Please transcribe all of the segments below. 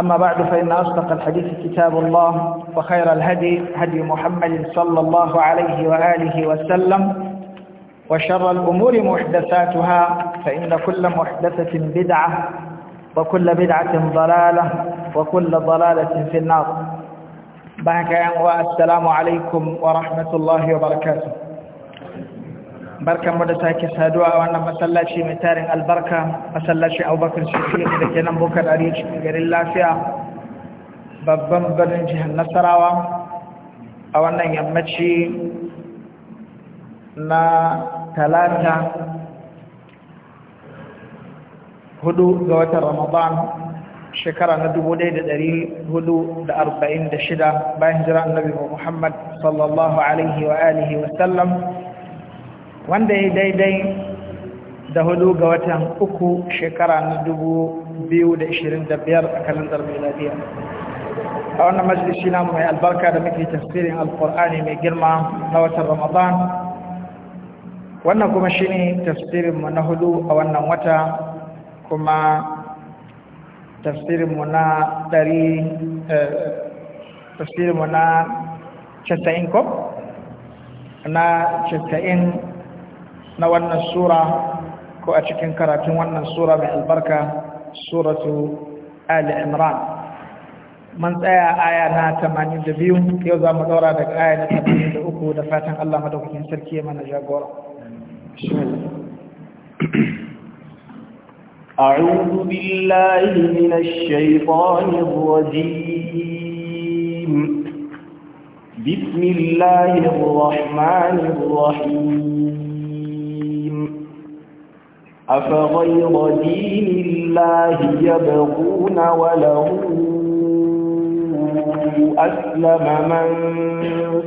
أما بعد فإن أصدق الحديث كتاب الله وخير الهدي هدي محمد صلى الله عليه وآله وسلم وشر الأمور محدثاتها فإن كل محدثة بدعة وكل بدعة ضلالة وكل ضلالة في النار بحكا والسلام عليكم ورحمة الله وبركاته barkan mu da sake saduwa a wannan masallaci mai tarin albarka masallaci abubakar shafi'i da ke nan bukar ariya garin lafiya babban birnin jihar nasarawa a wannan yammaci na talata hudu ga watan ramadan shekara na dubu da hudu arba'in shida, bayan jira annabi muhammad sallallahu alaihi wa alihi wasallam wanda ya daidai da hudu ga watan uku shekara na dubu biyu da ishirin da biyar a kalandar miladiya a wannan majalisi namu mai albarka da muke tafsirin alkur'ani mai girma na watan ramadan wannan kuma shi ne tafsirinmu na hudu a wannan wata kuma tafsirinmu na ɗari eh, tafsirinmu na casa'in ko na casa'in na wannan sura ko a cikin karatun wannan sura mai albarka suratu ali imran man tsaya aya na 82 yau za mu daura daga aya na 83 da fatan Allah madaukakin sarki ya mana jagora أعوذ بالله من الشيطان الرجيم بسم الله الرحمن الرحيم أفغير دين الله يبغون وله أسلم من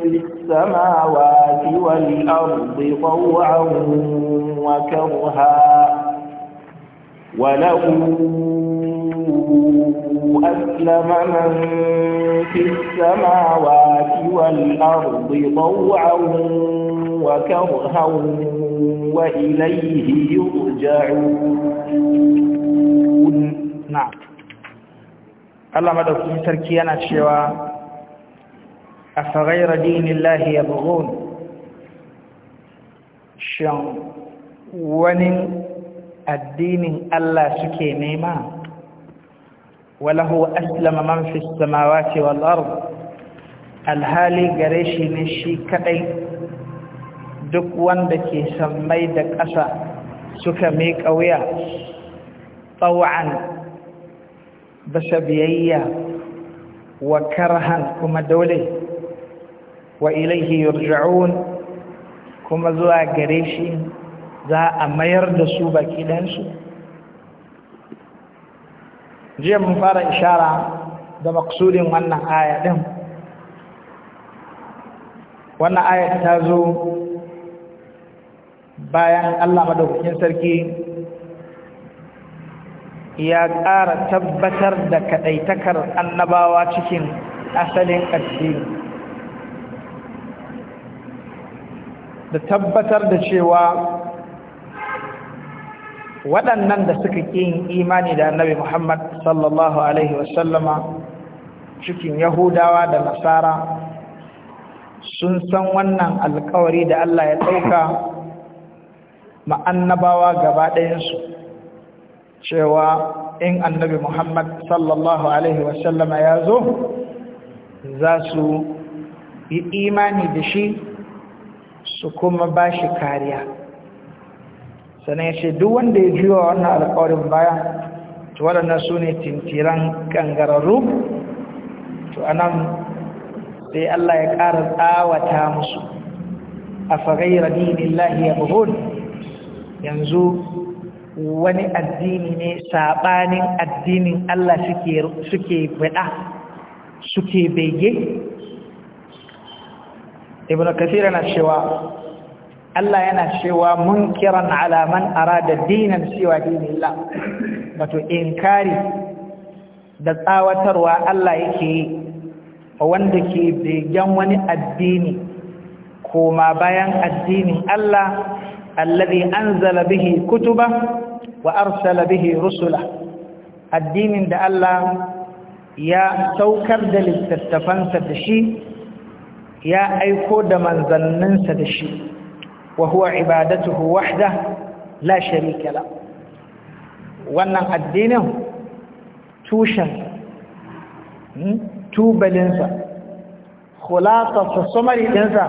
في السماوات والأرض طوعا وكرها وله أسلم من في السماوات والأرض طوعا وكرها وإليه يرجعون نعم الله مدى في تركيا شوى أفغير دين الله يبغون شن ونن الدين الله سكي نيمان وله أسلم من في السماوات والأرض الهالي ne نشي كأي duk wanda ke sammai da ƙasa suka miƙa wuya tsawon basa biyayya wa karhan kuma dole wa ilaihi yurja'un kuma zuwa gare shi za a mayar da su baki ɗansu jiya mun fara ishara da maksudin wannan aya din wannan aya ta zo bayan Allah madaukakin sarki ya ƙara tabbatar da kaɗaitakar annabawa cikin asalin addini da tabbatar da cewa waɗannan da suka yin imani da annabi Muhammad sallallahu alaihi wasallama cikin Yahudawa da Nasara sun san wannan alkawari da Allah ya ɗauka ma'annabawa gaba ɗayansu cewa in annabi Muhammad sallallahu alaihi wasallama ya zo za su yi imani da shi su kuma ba shi kariya sannan ya ce duk wanda ya juya wannan alkawarin baya to waɗannan su ne tintiran kangararru to a nan sai Allah ya ƙara tsawata musu a fagaira dinillahi ya buhun yanzu wani addini ne saɓanin addinin Allah suke baɗa suke bege ibn kasira na cewa Allah yana cewa munkiran ala man arada dinan cewa dinillah wato inkari da tsawatarwa Allah yake yi wanda ke begen wani addini koma bayan addinin Allah alladhi anzala bihi kutuba wa arsala bihi rusula addinin da Allah ya saukar da littattafansa da shi ya aiko da manzanninsa da shi وهو عبادته وحده لا شريك له wannan addinin tushen hmm, tubalinsa khulasa summary ɗinsa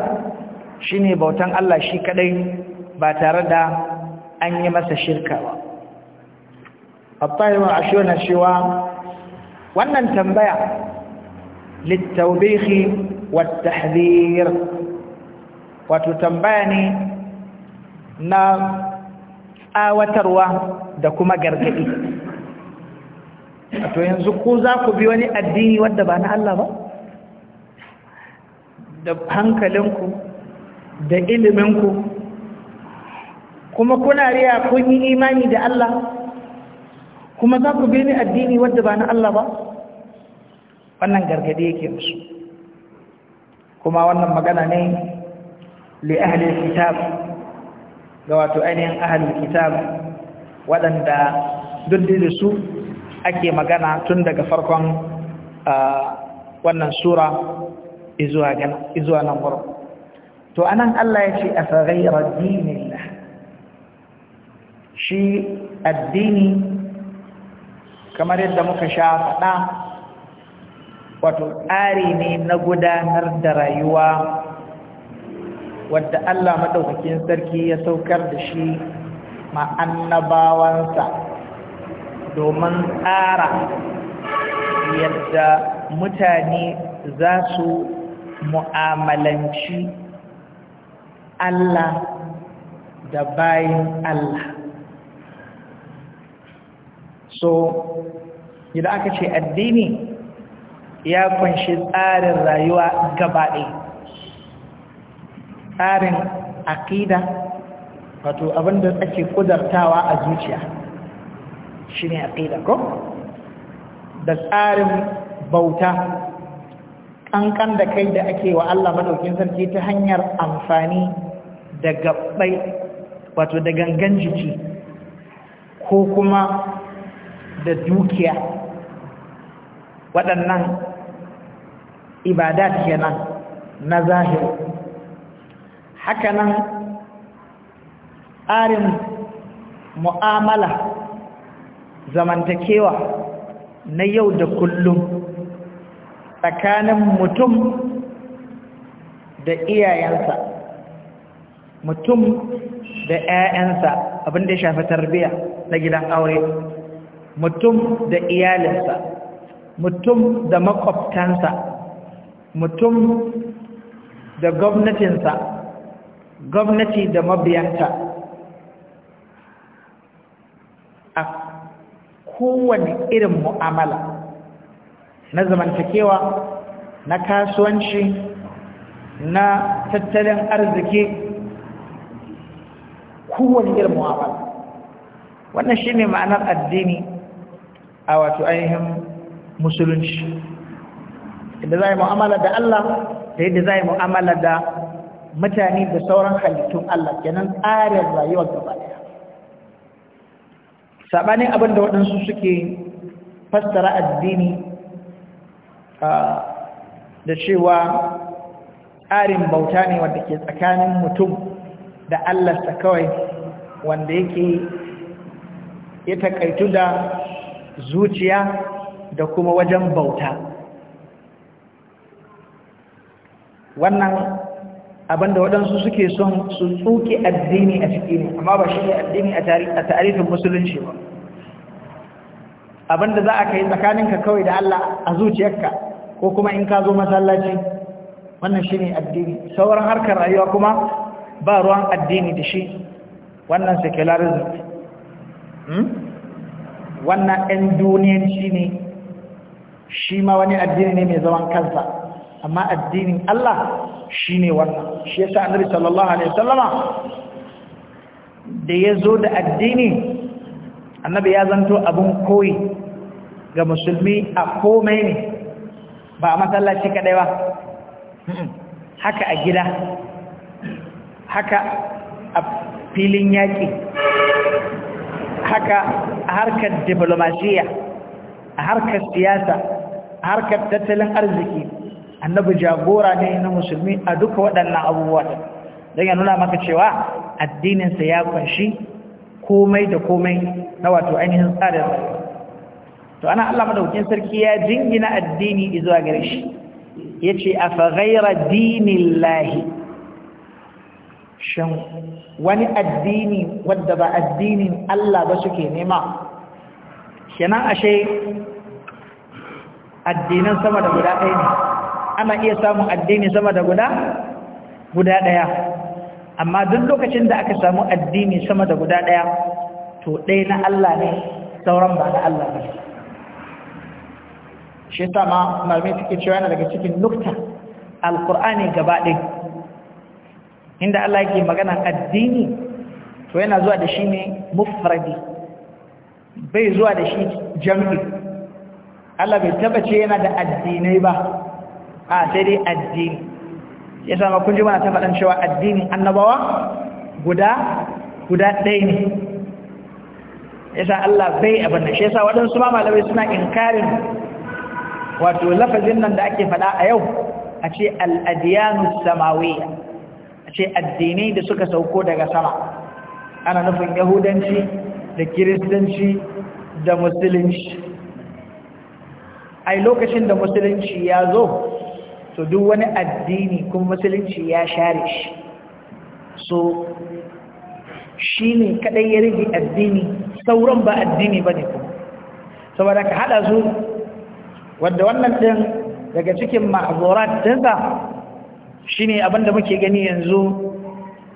shine bautan Allah shi kadai ba tare da an yi masa shirka ba Abdullahi Ashuna cewa wannan tambaya للتوبيخ والتحذير wato tambaya ne na tsawatarwa da kuma gargadi to yanzu ko za ku bi wani addini wadda ba na Allah ba da hankalinku da iliminku kuma kuna riya kun yi imani da Allah kuma za ku bi wani addini wadda ba na Allah ba wannan gargadi yake musu kuma wannan magana ne li ahli kitab ga wato ainihin ahalin kitab waɗanda dundun su ake magana tun daga farkon wannan sura izuwa nan wurin to anan Allah ya ce a tsagairar dinin shi addini kamar yadda muka sha faɗa wato tsari ne na gudanar da rayuwa wadda Allah madaukakin sarki ya saukar da shi ma domin tsara yadda mutane za su mu'amalanci Allah da bayan Allah so idan aka ce addini ya kunshi tsarin rayuwa gabaɗaya tsarin aƙida wato abinda ake kudartawa a zuciya shi ne aƙida ko da tsarin bauta ƙanƙan da kai da ake wa Allah maɗaukin sarki ta hanyar amfani da gaɓɓai, wato da gangan jiki ko kuma da dukiya waɗannan ibadat kenan na zahiri Haka hakanan tsarin mu'amala zamantakewa na yau da kullum tsakanin mutum da iyayensa mutum da 'ya'yansa abinda ya shafi tarbiya na gidan aure mutum da iyalinsa mutum da makwabtansa mutum da gwamnatinsa gwamnati da mabiyanta a kowane irin mu'amala na zamantakewa na kasuwanci na tattalin arziki kowane irin mu'amala wannan shi ne ma'anar addini a wato ainihin musulunci inda za a yi mu'amala da Allah da yadda za yi mu'amala da mutane da sauran halittun Allah kenan tsarin rayuwar gaba ɗaya sabanin abin da waɗansu suke fassara addini da cewa tsarin bauta ne wanda ke tsakanin mutum da ta kawai wanda yake ya takaitu da zuciya da kuma wajen bauta wannan abinda waɗansu suke son su tsuke addini a ciki ne amma ba shi ne addini a tarihin musulunci ba abinda za a kai tsakaninka kawai da Allah a zuciyarka ko kuma in ka zo masallaci wannan shi ne addini sauran harkar rayuwa kuma ba ruwan addini da shi wannan secularism hmm? wannan ɗan duniyanci ne shi ma wani addini ne mai zaman kansa amma addinin Allah Shi ne wannan shi yasa annabi sallallahu alaihi wasallama da ya zo da addini annabi ya zanto abin koyi ga musulmi a komai ne ba a masallaci kadai ba haka a gida haka a filin yaƙi haka a harkar diplomasiya a harkar siyasa a harkar tattalin arziki annabi jagora ne na musulmi a duka waɗannan abubuwa don ya nuna maka cewa addininsa ya kunshi komai da komai na wato ainihin tsarin rayuwa to ana Allah madaukin sarki ya jingina addini zuwa gare shi yace afa ghayra dinillahi shin wani addini wanda ba addinin Allah ba suke nema kenan ashe addinan sama da guda ɗaya ne ana iya samun addini sama da guda guda daya amma duk lokacin da aka samu addini sama da guda daya to ɗaya na Allah ne sauran ba na Allah ne shi ta ma malami take cewa yana daga cikin nukta alkur'ani gaba ɗin inda Allah yake magana addini to yana zuwa da shi ne mufradi bai zuwa da shi jam'i Allah bai ce yana da addinai ba a sai dai addini ya sama kun ji mana ta faɗan cewa addini annabawa guda guda ɗaya ne Ya sa Allah bai abin da shi sa waɗansu ma malamai suna inkarin wato lafazin nan da ake faɗa a yau a ce al'adiyanu samawiyya a ce addinai da suka sauko daga sama ana nufin yahudanci da kiristanci da musulunci ai lokacin da musulunci ya zo To duk wani addini kuma musulunci ya share shi so shi ne kadai ya rage addini sauran ba addini ba ne kuma saboda ka hada su wadda wannan din daga cikin ma'azorat dinsa shi ne abinda muke gani yanzu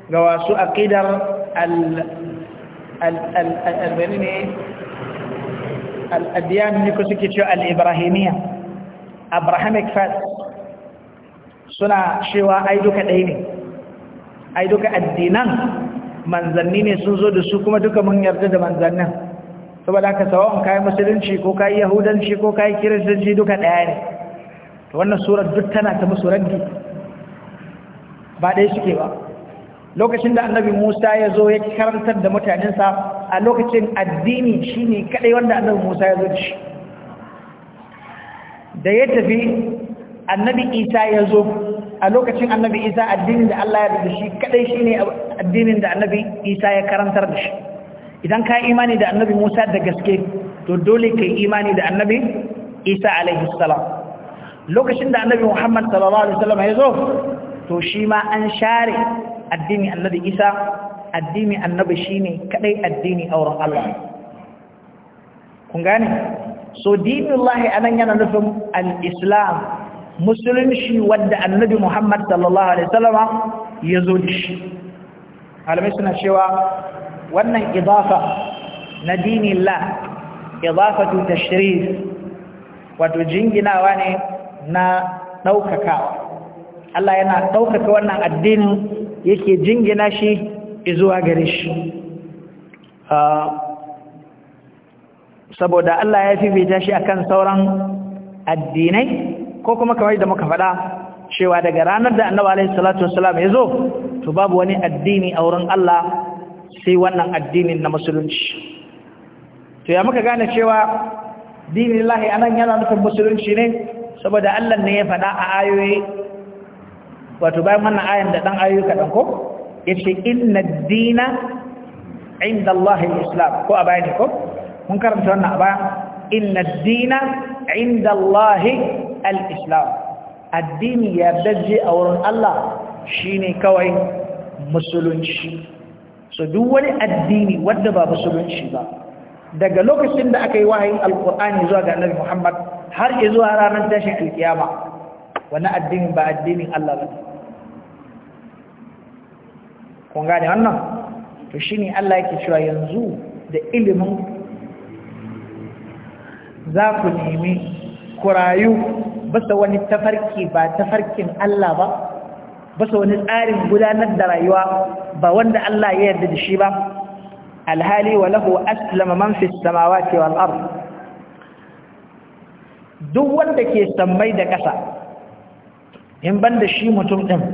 ga wasu aƙidar al-albani ne al-adiyan ne ko suke cewa al-ibrahimiyya abrahamic fast suna cewa ai duka ɗaya ne ai duka addinan manzanni ne sun zo da su kuma duka mun yarda da manzannin saboda sawa sawa'un kayi musulunci ko kayi yahudanci ko kayi kiristanci duka ɗaya ne wannan surar duk tana ta musu raddi ba ɗaya suke ba lokacin da annabi musa ya zo ya karantar da mutanensa a lokacin addini shine kadai wanda annabi musa ya zo da shi da ya tafi annabi isa ya zo a lokacin annabi isa addinin da Allah ya rubuta shi kadai shine addinin da annabi isa ya karantar da shi idan ka imani da annabi musa da gaske to dole ka imani da annabi isa alaihi salam lokacin da annabi muhammad sallallahu alaihi wasallam ya zo to shi ma an share addini annabi isa addini annabi shi ne kadai addini wurin Allah kun gane so dinullahi anan yana nufin al-islam musulunci wadda annabi Muhammad sallallahu alaihi wasallama ya zo da shi alamai suna cewa wannan idafa na dinin la tuta tashrif wato jinginawa ne na ɗaukaka. Allah yana daukaka wannan addinin yake jingina shi zuwa gare shi ah, saboda Allah ya fifita shi akan sauran addinai ko kuma kamar yadda muka faɗa cewa daga ranar da annabi alaihi salatu wassalam ya zo to babu wani addini a wurin Allah sai wannan addinin na musulunci to ya muka gane cewa dinin lahi anan yana nufin musulunci ne saboda Allah ne ya faɗa a ayoyi wato bayan wannan ayan da ɗan ayoyi kaɗan ko ya ce inna dina inda Allahi islam ko a bayani ko mun karanta wannan a bayan inna dina inda Allahi al-islam addini ya daje a wurin Allah shine kawai musulunci so duk wani addini wanda ba musulunci ba daga lokacin da aka yi wahayin alkur'ani zuwa ga annabi Muhammad har zuwa ranar tashin alkiyama wani addini ba addinin Allah ba kun gane wannan to shine Allah yake cewa yanzu da ilimin za ku nemi ku rayu basa wani tafarki ba tafarkin Allah ba basa wani tsarin gudanar da rayuwa ba wanda Allah ya yarda da shi ba alhali wa lahu aslama man fi samawati wal ard duk wanda ke sammai da ƙasa in banda shi mutum din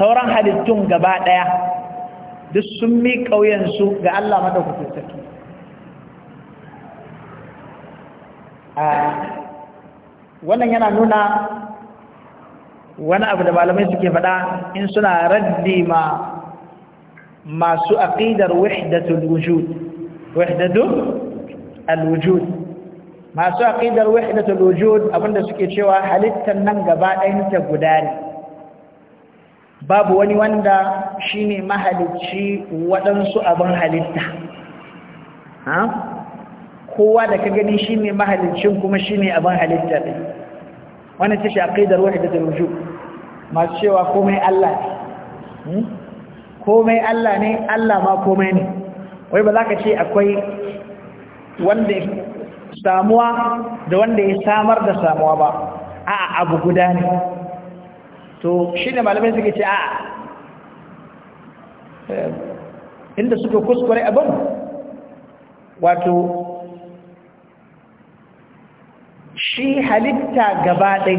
sauran halittun gaba daya duk sun mi ƙauyensu ga Allah madaukakin sarki ah, wannan yana nuna wani abu da malamai suke faɗa in suna raddi ma masu aqidar wahdatul wujud wahdatul alwujud masu aqidar wahdatul wujud abinda suke cewa halittar nan gaba ɗayanta guda ne babu wani wanda shine mahalicci waɗansu abin halitta kowa da ka gani shine mahaliccin kuma shine abin halitta ɗin wannan ce shi aqidar wahdatul wujud masu cewa komai Allah ne hmm? komai Allah ne Allah ma komai ne wai ba za ka ce akwai wanda samuwa da wanda ya samar da samuwa ba a'a abu guda ne to shine malamai suke ce a'a eh, inda suka kuskure abin wato shi halitta gaba ɗai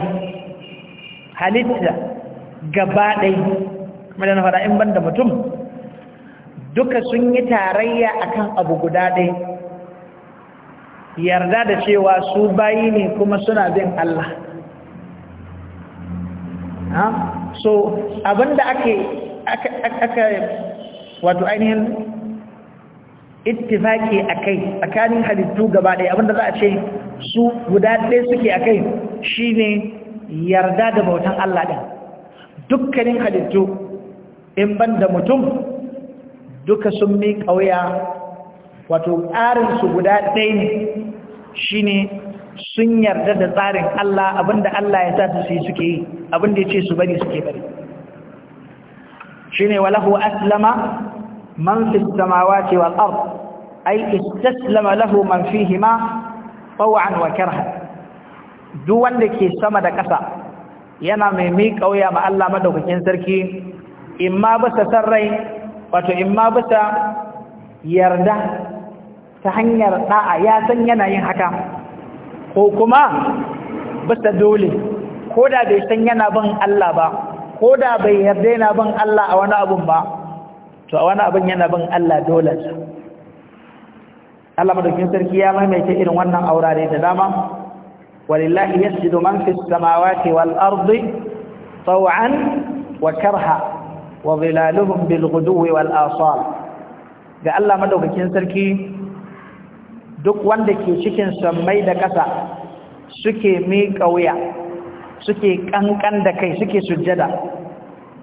halitta gaba ɗai kamar yana faɗa in ban da mutum duka sun yi tarayya akan abu guda ɗai yarda da cewa su bayi ne kuma suna bin Allah so abinda ake aka wato ainihin ittifaki akai tsakanin halittu gaba ɗaya abinda za a ce su guda ɗaya suke akai shine yarda da bautan Allah ɗin dukkanin halittu in ban da mutum duka sun mi ƙauya wato su guda ɗaya ne shine sun yarda da tsarin Allah abinda Allah ya sa su yi suke yi abinda ya ce su bari suke bari shine walahu aslama man fi samawati wal ardh ai istaslama lahu man fihima taw'an wa karha duk wanda ke sama da ƙasa yana mai miƙa wuya ma Allah madaukakin sarki imma bisa sarrai wato imma bisa yarda ta hanyar da'a ya san yanayin haka ko kuma bisa dole ko da bai san yana bin Allah ba ko da bai yarda yana bin Allah a wani abun ba to a wani abun yana bin Allah dole Allah madaukin sarki ya maimaita irin wannan aurare da dama walillahi yasjudu man fis samawati wal ardi taw'an wa karha wa zilaluhum bil ghuduwi wal asal ga Allah madaukin sarki duk wanda ke cikin sammai da ƙasa suke miƙa wuya suke kankan da kai suke sujjada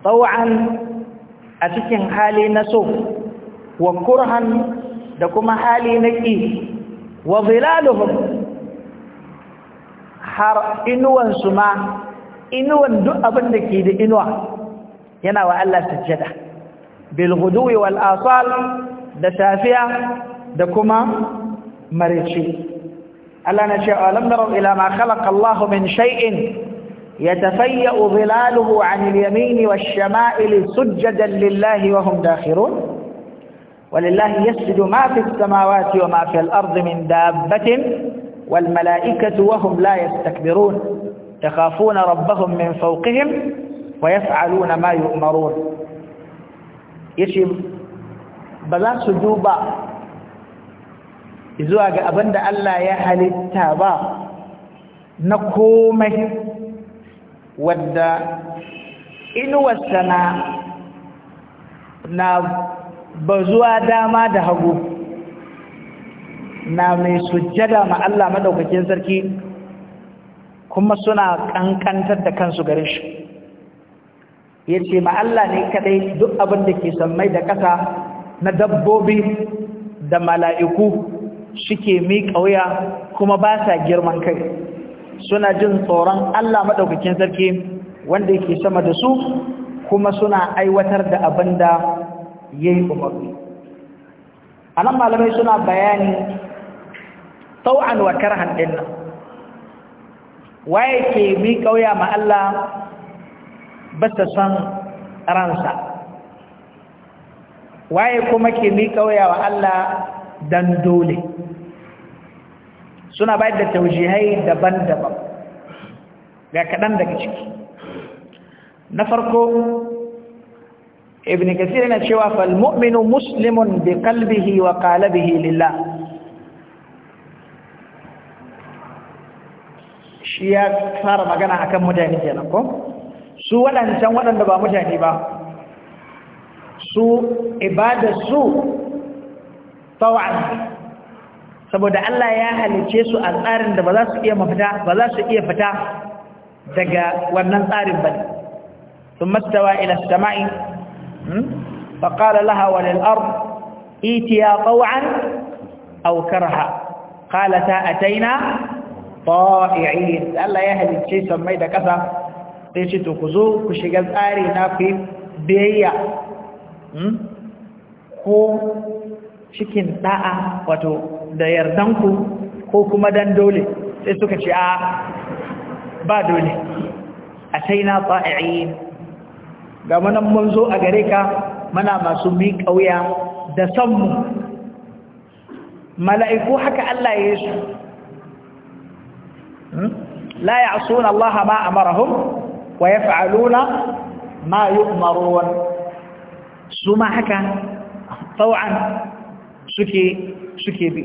taw'an a cikin hali na so wa kurhan da kuma hali na ƙi wa zilaluhum har inuwansu ma inuwan duk abin da ke da inuwa yana wa Allah sajjada bil ghuduwi wal asal da safiya da kuma marici Allah na ce alam naraw ila ma khalaqa Allah min shay'in yatafayyu zilaluhu 'anil yamini wash-shama'ili sujjadan lillahi wa hum dakhirun ولله يسجد ما في السماوات وما في الأرض من دابة والملائكة وهم لا يستكبرون يخافون ربهم من فوقهم ويفعلون ما يؤمرون يشي بلا سجوبا zuwa ga abin da Allah ya halitta ba na komai wadda inuwarsa na na Ba zuwa dama da hagu na mai sujjada ma Allah madaukakin sarki kuma suna kankantar da kansu gare shi yace ma Allah ne kadai duk abin da ke sammai da ƙasa na dabbobi da mala'iku suke miƙa wuya kuma ba sa girman kai suna jin tsoron Allah madaukakin sarki wanda ke sama da su kuma suna aiwatar da abin da yayi umarni anan malamai suna bayani tau'an wa karhan dinna waye ke mi kauya ma Allah ta san ransa waye kuma ke mi kauya wa Allah dan dole suna bayar da taujihai daban-daban ga kaɗan daga ciki na farko ibn kasir yana cewa fal mu'minu muslimun bi qalbihi wa qalabihi lillah shi ya fara magana akan mutane kenan ko su wadancan waɗanda ba mutane ba su ibada su? tawan saboda Allah ya halice su a tsarin da ba za su iya mafita ba za su iya fita daga wannan tsarin ba sun mastawa ila sama'i فقال لها وللأرض ايتيا طوعا أو كرها قالتا أتينا طائعين الله يهل الشيء سميت كذا تيشي تخزو كشغل آرينا في بيئة ko cikin da'a wato da yardanku ko kuma dan dole sai suka ce a ba dole a ga manan mun zo a gare ka mana masu mi kauya da sanmu mala'iku haka Allah ya yi su hmm? la ya'suna Allah ma amarahum wa yaf'aluna ma yu'marun su ma haka taw'an suke suke bi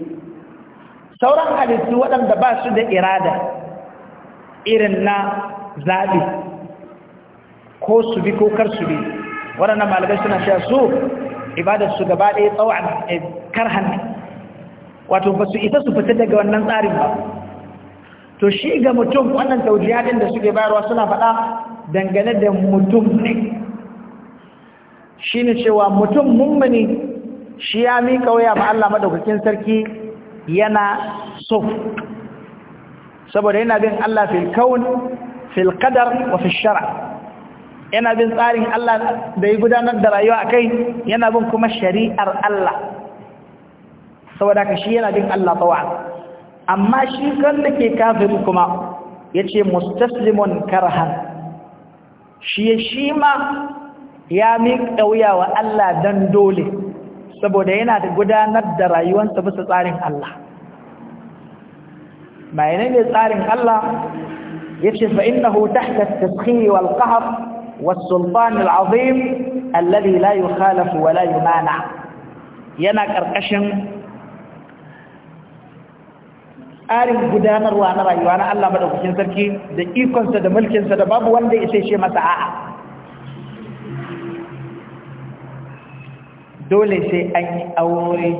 sauran halittu waɗanda ba su da irada irin na zaɓi ko su bi ko kar su bi waɗannan malamai suna cewa su ibadar su gaba ɗaya tsawon eh, karhan wato ba su isa su fita daga wannan tsarin ba to shi ga mutum wannan taujiyadin da suke bayarwa suna faɗa dangane da mutum ne shi ne cewa mutum mummuni shi ya miƙa waya ba Allah maɗaukakin sarki yana so saboda yana bin Allah fil kaun fil wa fil shara' yana bin tsarin Allah da ya gudanar da rayuwa a kai yana bin kuma shari'ar Allah saboda ka shi yana bin Allah tawa amma shi kan ke kafin kuma ya ce mustaslimun karhan shi shi ma ya miƙa wuya wa Allah don dole saboda yana da gudanar da rayuwarsa bisa tsarin Allah bayanai ne tsarin Allah ya ce fa'in na hutar da tasiri wal ƙahar والسلطان العظيم الذي لا يخالف ولا يمانع yana ƙarƙashin tsarin gudanarwa na rayuwa na Allah madaukakin sarki da ikonsa da mulkinsa da babu wanda ya sai masa a'a dole sai an yi aure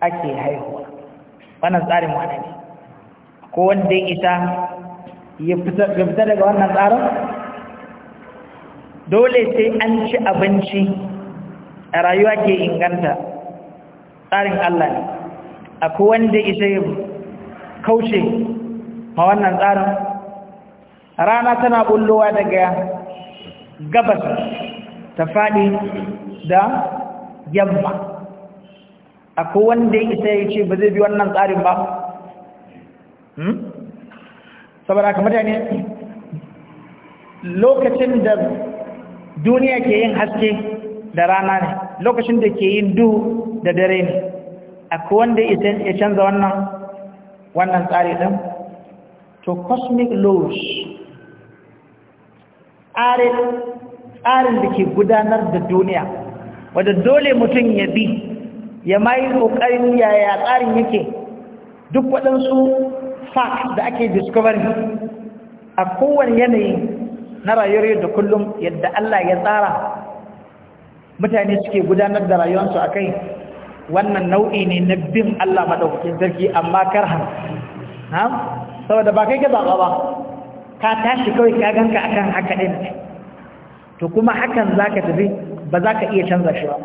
ake haihuwa wannan tsarin wani ko wanda ya isa ya fita daga wannan tsarin dole sai an ci abinci a rayuwa ke inganta tsarin Allah ne akwai wanda isa ya kauce ma wannan tsarin rana tana bullowa daga gabas ta faɗi da yamma akwai wanda isa ya ce ba zai bi wannan tsarin ba hmm? saboda kamar ne lokacin da duniya ke yin haske da rana ne lokacin da ke yin duhu da dare ne akwai wanda ya canza wannan wannan tsari ɗin to cosmic laws tsarin da ke gudanar da duniya wadda dole mutum ya bi ya mai ƙoƙarin yaya tsarin yake duk waɗansu fact da ake discovery a kowane yanayi na rayuwar yau da kullum yadda Allah ya tsara mutane suke gudanar da rayuwarsu a kai wannan nau'i ne na bin Allah maɗaukakin sarki amma karhan ha saboda ba kai ka zaɓa ba ka tashi kawai ka ganka akan haka ɗin to kuma hakan za ka tafi ba za ka iya canza shi ba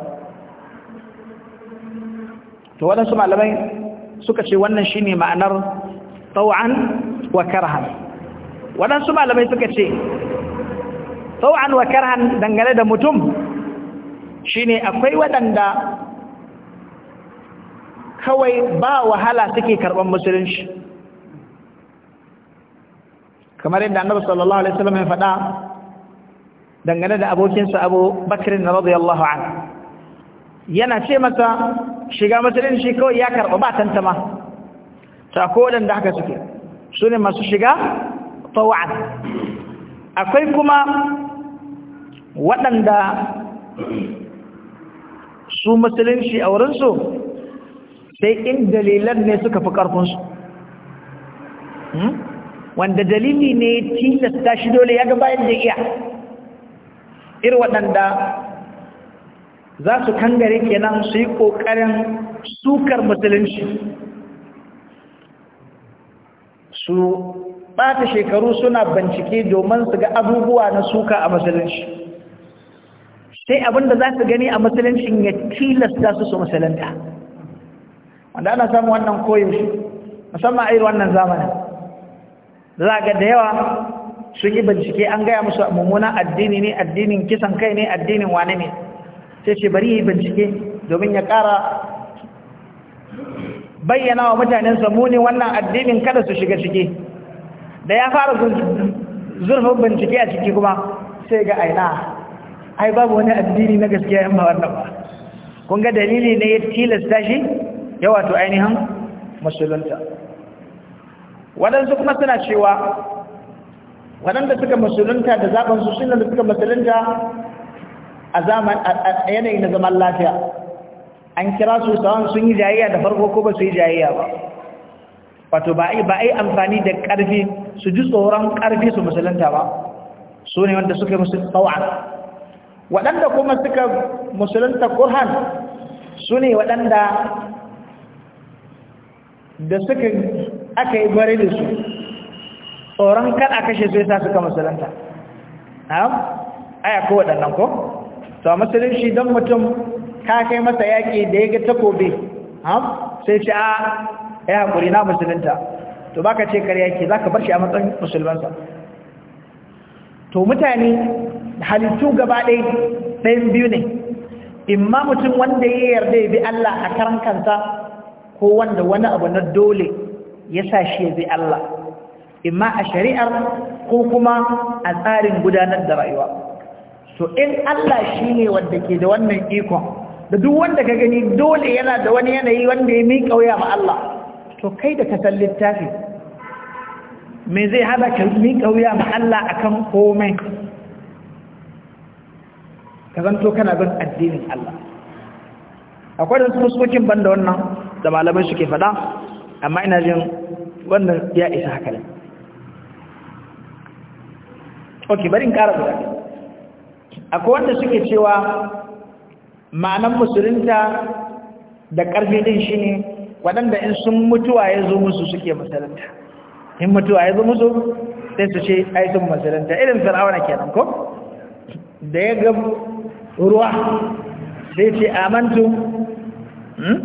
to waɗansu malamai suka ce wannan shi ne ma'anar tau'an wa karhan waɗansu malamai suka ce tsawon wa karhan dangane da mutum shine akwai waɗanda kawai ba wahala suke karɓar musulunci kamar yadda annabi sallallahu alaihi wasallam ya faɗa dangane da abokinsa Abu bakirin na radiyallahu anhu yana ce masa shiga musulunci kawai ya karɓa ba tantama ta ko da haka suke su ne masu shiga tsawon akwai kuma waɗanda su musulunci a wurinsu sai in dalilan ne suka fi ƙarfinsu hmm? wanda dalili ne tilasta shi dole ya bayan da iya ir waɗanda za su kangare kenan su yi ƙoƙarin sukar musulunci su ɓata shekaru suna bincike domin su ga abubuwa na suka a musulunci sai abin da za su gani a musuluncin ya tilasta su su musulunta wanda ana samun wannan koyaushe musamman a wannan zamanin za ga da yawa sun yi bincike an gaya musu mummunan addini ne addinin kisan kai ne addinin wane ne sai ce bari yi bincike domin ya kara bayyana wa mutanen samuni wannan addinin kada su shiga ciki da ya fara zurfin bincike a ciki kuma sai ga aina ai babu wani addini na gaskiya in ba wannan ba kun ga dalili ne ya tilasta shi ya wato ainihin musulunta waɗansu kuma suna cewa waɗanda suka musulunta da zaɓen su shi da suka musulunta a yanayi na zaman lafiya an kira su tsawon sun yi jayayya da farko ko ba su yi jayayya ba wato ba a yi amfani da ƙarfi su ji tsoron ƙarfi su musulunta ba su ne wanda suka musulunta waɗanda kuma suka musulunta kurhan. su ne waɗanda da suka aka yi bari da su tsoron kan a kashe su yasa suka musulunta aya ko waɗannan ko to a musulunci don mutum ka kai masa yaƙi da ya ga takobi sai ce a ya haƙuri na musulunta to ba ka ce kar yaƙi za ka bar shi a matsayin musulmansa to mutane halittu gaba ɗaya ɗayan biyu ne imma mutum wanda ya yarda ya bi Allah a karan kansa ko wanda wani abu na dole ya sa shi ya bi Allah imma a shari'ar ko kuma a tsarin gudanar da rayuwa so in Allah shi ne wadda ke da wannan ikon da duk wanda ka gani dole yana da wani yanayi wanda ya miƙa wuya ma Allah to kai da ka san littafi me zai haɗa ka miƙa wuya ma Allah akan komai ka zanto kana bin addinin Allah akwai da fuskokin banda wannan da malamai suke faɗa amma ina jin wannan ya isa haka ne ok bari in ƙara guda akwai wanda suke cewa ma'anan musulunta da ƙarfi ɗin shi ne waɗanda in sun mutuwa ya zo musu suke musulunta in mutuwa ya zo musu sai su ce ai sun musulunta irin fir'auna kenan ko da ya gabu ruwa sai ce amantu hmm?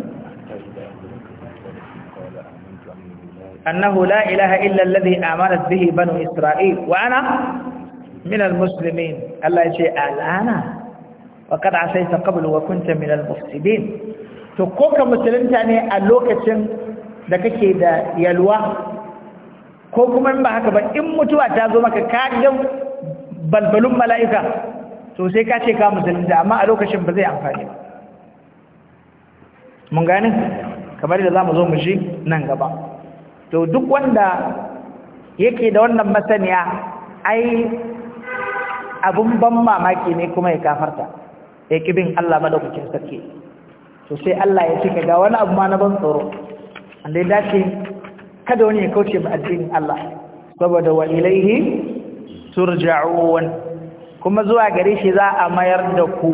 annahu la ilaha illa alladhi amanat bihi banu isra'il wa ana min almuslimin Allah ya ce al'ana wa qad asaita qablu wa kunta min almufsidin to ko ka musulunta ne a lokacin da kake da yalwa ko kuma in ba haka ba in mutuwa ta zo maka ka ga balbalun mala'ika to sai ka ce ka da amma a lokacin ba zai amfani ba mun gani kamar da za mu zo mu shi nan gaba to duk wanda yake da wannan masaniya ai abun ban mamaki ne kuma ya kafarta ya bin Allah madaukakin sarki to sai Allah ya cika ga wani abu ma na ban tsoro wanda ya dace kada wani ya kauce ma addinin Allah saboda wa ilaihi turja'un kuma zuwa gare shi za a mayar da ku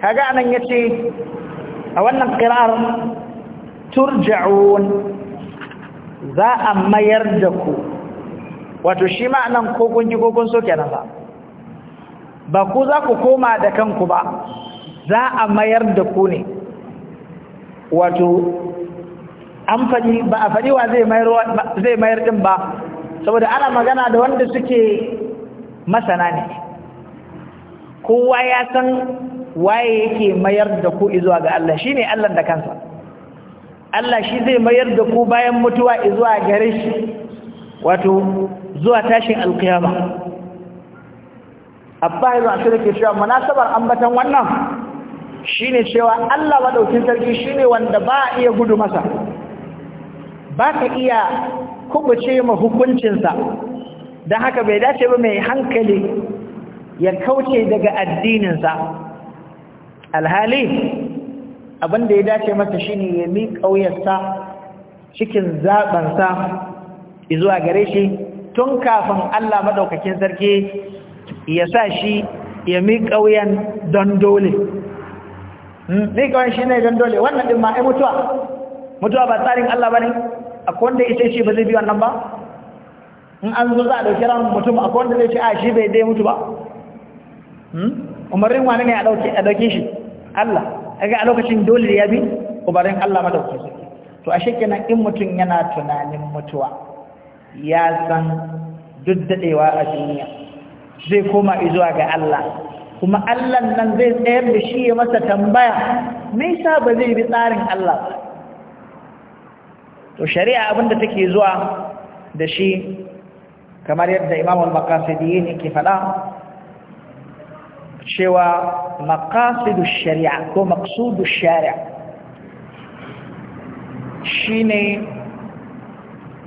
kaga anan yace a wannan qira'ar turja'un za a mayar da ku wato shi ma anan ko kun ji ko kun so kenan ba ba ku za ku koma da kanku ba za a mayar da ku ne wato an faɗi ba a faɗi wa zai mayar din ba saboda ana magana da wanda suke masana ne kowa ya san waye yake mayar da ku zuwa ga Allah shine Allah da kansa Allah shi zai mayar da ku bayan mutuwa zuwa gare shi wato zuwa tashin alkiyama abba yanzu a ke cewa munasabar ambatan wannan shine cewa Allah maɗaukin sarki shine wanda ba a iya gudu masa ba ka iya kubuce ma hukuncinsa don haka bai dace ba mai hankali ya kauce daga addininsa alhali abinda ya dace masa shine ya mi ƙauyarsa cikin zaɓensa zuwa gare shi tun kafin Allah maɗaukakin sarki ya sa shi ya mi ƙauyen don dole hmm, mi ƙauyen shi ne don dole wannan ɗin ma'ai mutuwa mutuwa ba tsarin Allah ba ne akwai wanda ya ce shi ba zai biyu wannan ba in an zo za a ɗauki ran mutum akwai wanda zai ce a shi bai dai mutu ba Hmm? Umarin wane ne a ɗauke shi Allah ga a lokacin dole ya bi umarnin Allah madauki to a nan in mutum yana tunanin mutuwa ya san duk daɗewa a duniya zai koma izuwa ga Allah kuma Allah nan zai tsayar da shi ya masa tambaya me yasa ba zai bi tsarin Allah ba to shari'a abinda take zuwa da shi kamar yadda Imam al-Maqasidi yake faɗa شوى مقاصد الشريعة هو مقصود الشارع شيني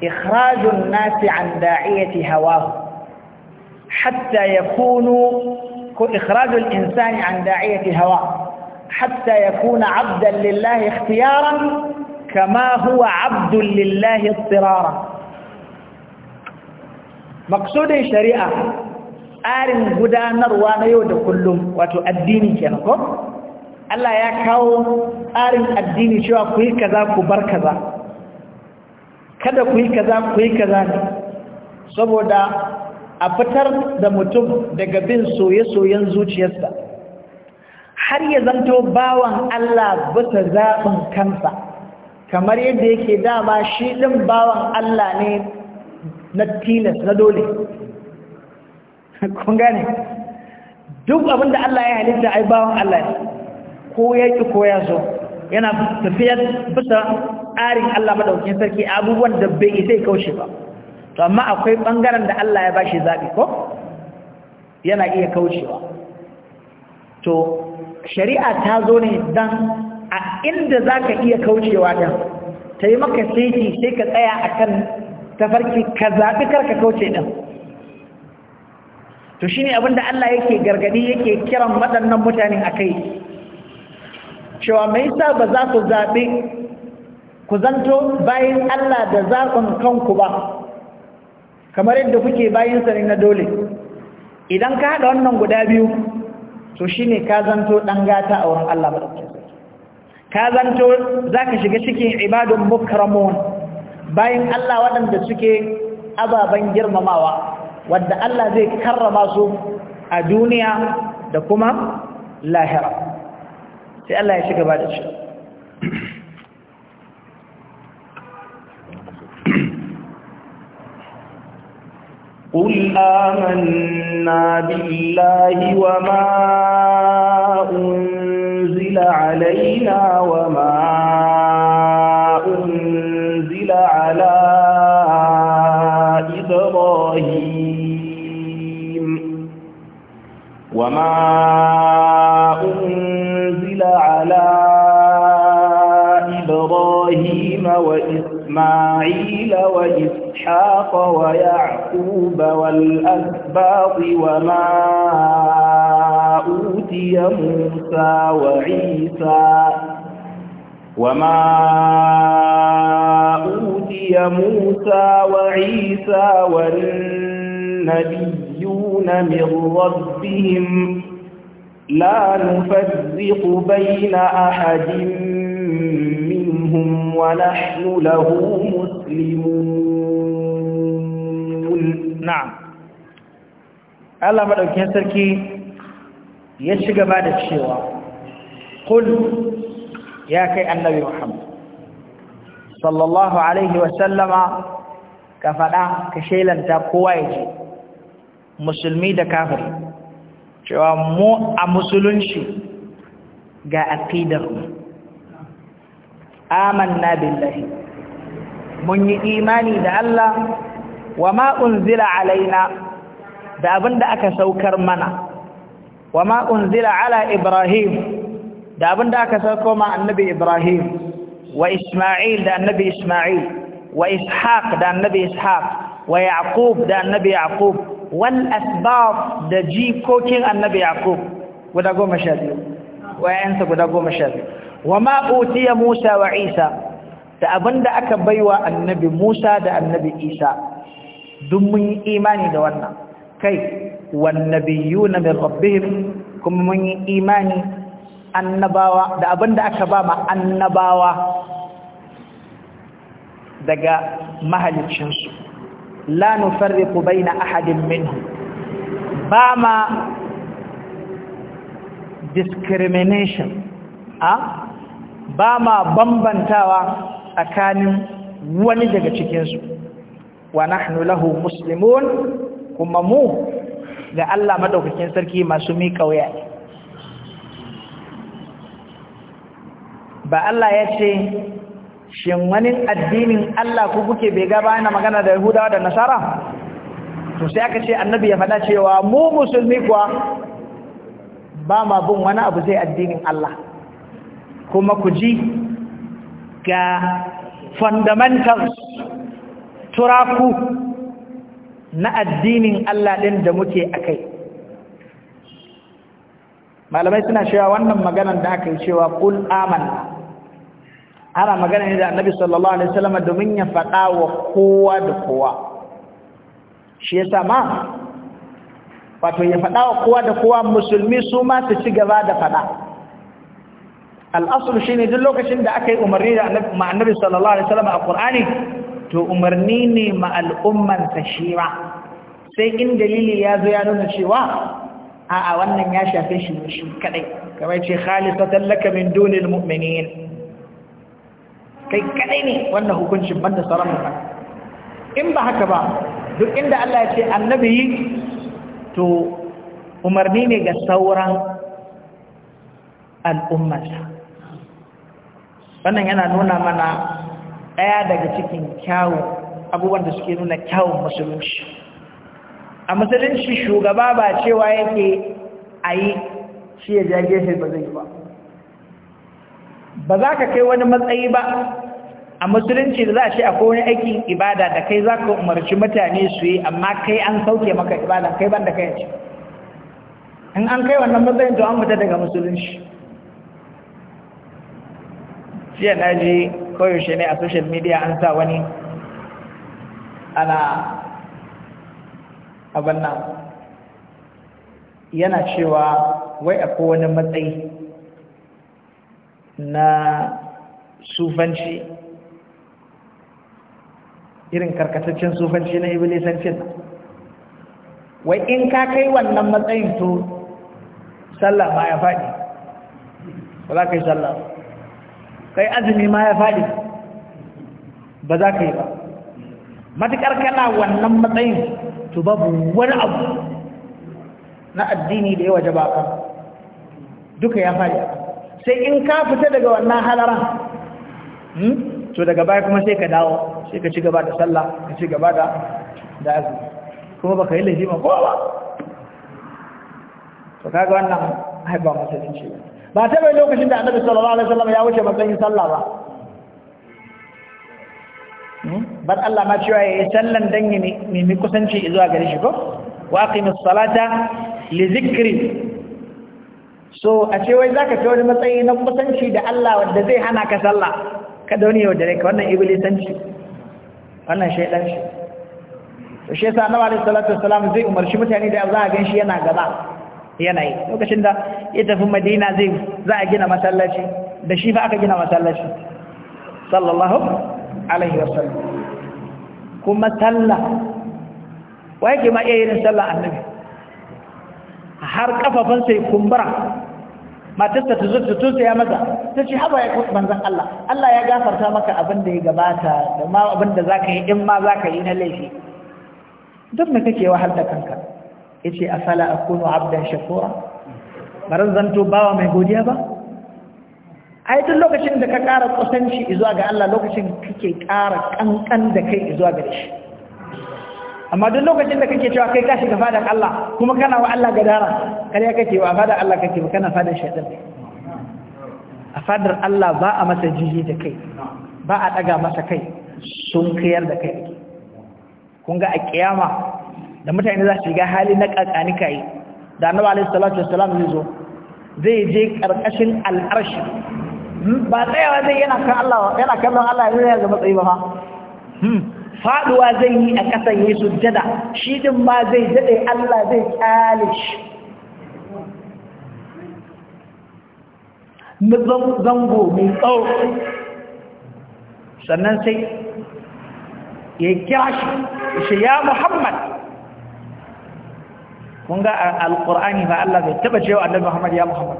إخراج الناس عن داعية هواه حتى يكون إخراج الإنسان عن داعية هواه حتى يكون عبدا لله اختيارا كما هو عبد لله اضطرارا مقصود الشريعة tsarin gudanarwa na yau da kullum wato addini kenan ko Allah ya kawo tsarin addini cewa ku yi kaza ku bar kaza kada ku yi kaza ku yi kaza ne saboda a fitar da mutum daga bin soye-soyen zuciyarsa har ya zanto bawan Allah bisa zaɓin kansa kamar yadda yake dama shi ɗin bawan Allah ne na tilas na dole kun gane duk abin da Allah ya halitta ai bawan Allah ne ko ya ki ko ya yana tafiyar bisa tsarin Allah madaukin sarki abubuwan da bai isa kaushe ba to amma akwai bangaren da Allah ya bashi zabi ko yana iya kaucewa to shari'a ta zo ne dan a inda zaka iya kaucewa dan tayi maka sai sai ka tsaya akan tafarki ka zabi karka kauce din to shine abinda Allah yake gargadi yake kiran waɗannan mutane akai cewa mai sa ba za ku zabe ku zanto bayin Allah da zaɓin kanku ba kamar yadda kuke bayin sa ne na dole idan ka haɗa wannan guda biyu to shine ka zanto dan gata a wurin Allah ba ka zanto zaka shiga cikin ibadun mukramun bayan Allah waɗanda suke ababen girmamawa wanda Allah zai karrama su a duniya da kuma lahira sai Allah ya shiga bada shi قل آمنا بالله وما أنزل علينا وما أنزل على وما أنزل على إبراهيم وإسماعيل وإسحاق ويعقوب والأسباط وما أوتي موسى وعيسى وما أوتي موسى وعيسى والنبي النبيون من ربهم لا نفرق بين أحد منهم ونحن له مسلمون نعم الله مدعوكي سركي يشغى بعد الشيوى قل يا كي النبي محمد صلى الله عليه وسلم كفدا كشيلا تقوى يجي musulmi da kafir cewa mu a musulunci ga aqidar amanna billahi mun yi imani da Allah wa ma unzila alaina da abinda aka saukar mana wa ma unzila ala ibrahim da abinda aka sauko ma annabi ibrahim wa isma'il da annabi isma'il wa ishaq da annabi ishaq wa yaqub da annabi yaqub wal asbab da jikokin annabi yaqub guda goma sha biyu wayansa guda goma sha biyu wama utiya musa wa isa da abinda aka baiwa annabi musa da annabi isa duk mun yi imani da wannan kai wan nabiyuna min rabbihim kuma mun yi imani annabawa da abinda aka ba ma annabawa daga mahaliccinsu. la nufarriqu baina ahadin minhum ba ma discrimination a ba ma bambantawa tsakanin wani daga cikinsu wa nahnu lahu muslimun kuma mu ga Allah madaukakin sarki masu miƙa waya. ba Allah ya ce shin wani addinin Allah ku kuke bai gaba yana magana da Yahudawa da Nasara to sai aka ce annabi ya faɗa cewa mu musulmi kuwa ba ma bin wani abu zai addinin Allah kuma ku ji ga fundamentals turaku na addinin Allah ɗin da muke a kai malamai suna cewa wannan maganan da aka yi cewa kul ana magana ne da annabi sallallahu alaihi wasallam domin ya faɗa wa kowa da kowa shi yasa ma wato ya faɗa wa kowa da kowa musulmi su ma su ci gaba da faɗa al'asul ne duk lokacin da aka yi umarni da annabi sallallahu alaihi wasallam a Qur'ani to umarni ne ma al'umman ta shira sai in dalili ya zo ya nuna cewa a'a wannan ya shafe shi shi kadai kamar ce khalisatan laka min dunil mu'minin kai kadai ne wannan hukuncin banda sauran mutane in ba haka ba duk inda Allah ya ce annabi yi to umarni ne ga sauran al'ummata wannan yana nuna mana ɗaya daga cikin kyawun abubuwan da suke nuna kyawun musulunci a musulunci shugaba ba cewa yake a yi shi ya jage sai ba zai ba ba za ka kai wani matsayi ba a musulunci da za a ce a wani aikin ibada da kai za ka umarci mutane su yi amma kai an sauke maka ibada kai ban da kai ce in an kai wannan matsayin to an fita daga musulunci jiya na ji koyaushe ne a social media an sa wani ana abin nan yana cewa wai a wani matsayi na sufanci irin karkataccen sufanci na iblisancin wai in ka kai wannan matsayin to sallah ma ya faɗi ba za ka yi sallah kai azumi ma ya faɗi ba za ka yi ba matuƙar kana wannan matsayin to babu wani abu na addini da yawa jaba ba duka ya faɗi a sai in ka fita daga wannan halaran hmm, to daga baya kuma sai ka dawo sai ka ci gaba da sallah ka ci gaba da da kuma baka yi laifi ko ba to kaga wannan haifa musulunci ba ta bai lokacin da annabi sallallahu alaihi wasallam ya wuce matsayin sallah ba hmm, bar Allah ma cewa yayi sallan dan ne, mimi kusanci zuwa gare shi ko wa aqimus salata li zikri so a ce wai zaka ci wani matsayi na kusanci da Allah wanda zai hana ka sallah ka dauni yau da rai ka wannan iblisanci wannan shaidan shi to shi yasa Annabi alaihi salatu wassalam zai umarci mutane da za a ganshi yana gaba yana yi lokacin da ya tafi Madina zai za a gina masallaci da shi fa aka gina masallaci sallallahu alaihi wasallam kuma sallah wa yake ma iya yin sallah annabi har kafafansa ya kumbura matarsa ta zo ta tausaya masa ta ce haba ya kusa banzan Allah Allah ya gafarta maka abin da ya gabata da ma abin da zaka yi in ma zaka yi na laifi duk me kake wahal da kanka yace afala akunu abdan shakura baran zanto bawa mai godiya ba ai duk lokacin da ka ƙara kusanci zuwa ga Allah lokacin kake ƙara kankan da kai zuwa ga shi amma duk lokacin da kake cewa kai ka shiga fadan Allah kuma kana wa Allah gadara ƙarya kake ba fadar Allah kake ba kana fadar shaɗin a fadar Allah ba a masa jiji da kai ba a ɗaga masa kai sun kayar da kai ake kun ga a ƙiyama da mutane za su ga hali na ƙaƙani kayi da annabi alaihi salatu zai zo zai je ƙarƙashin al'arshi hmm, ba tsayawa zai yana kan Allah yana kallon Allah ya ga matsayi ba fa hmm, faduwa zai yi a ƙasan yi sujjada shi din ma zai daɗe Allah zai kyale shi na zango mai tsawo sannan sai ya kira shi shi ya muhammad kun ga alƙur'ani ba Allah bai taba cewa annabi muhammad ya muhammad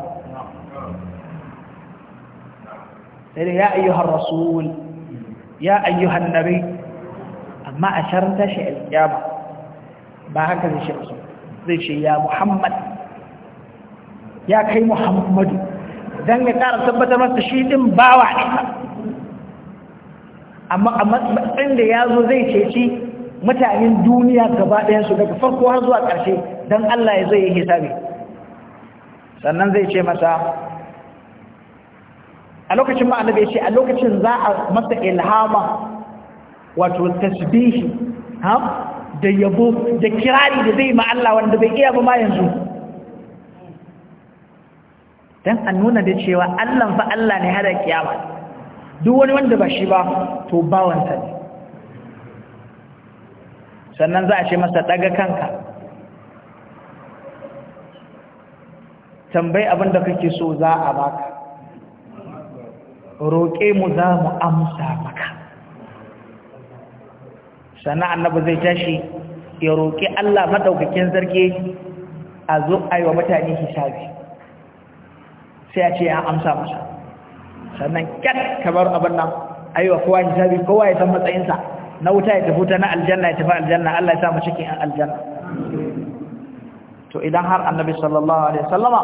sai da ya ayyuhar rasul ya ayyuhan nabi amma a sharanta shi alƙiyama ba haka zai shi rasul zai ce ya muhammad ya kai muhammadu don ya kara tabbatar masa shi din bawa ne amma a matsayin da ya zo zai ceci mutanen duniya gaba ɗayansu daga farko har zuwa ƙarshe don Allah ya zai yi hisabi sannan zai ce masa a lokacin ma'ana bai ce a lokacin za a masa ilhama wato tasbihi da yabo da kirari da zai ma Allah wanda bai iya ba ma yanzu dan an nuna da cewa Allah fa Allah ne hada kiyama duk wani wanda ba shi ba to bawansa ne sannan za a ce masa daga kanka tambayi abin da kake so za a baka roƙe mu za mu amsa maka sannan annabi zai tashi ya roƙi Allah madaukakin sarki a zo a yi wa mutane hisabi sai a ce ya amsa masa sannan kyat kamar abin nan aiwa kowa ya hisabi kowa ya san matsayinsa na wuta ya tafi ta na aljanna ya tafi aljanna Allah ya sa mu cikin aljanna to idan har annabi sallallahu alaihi sallama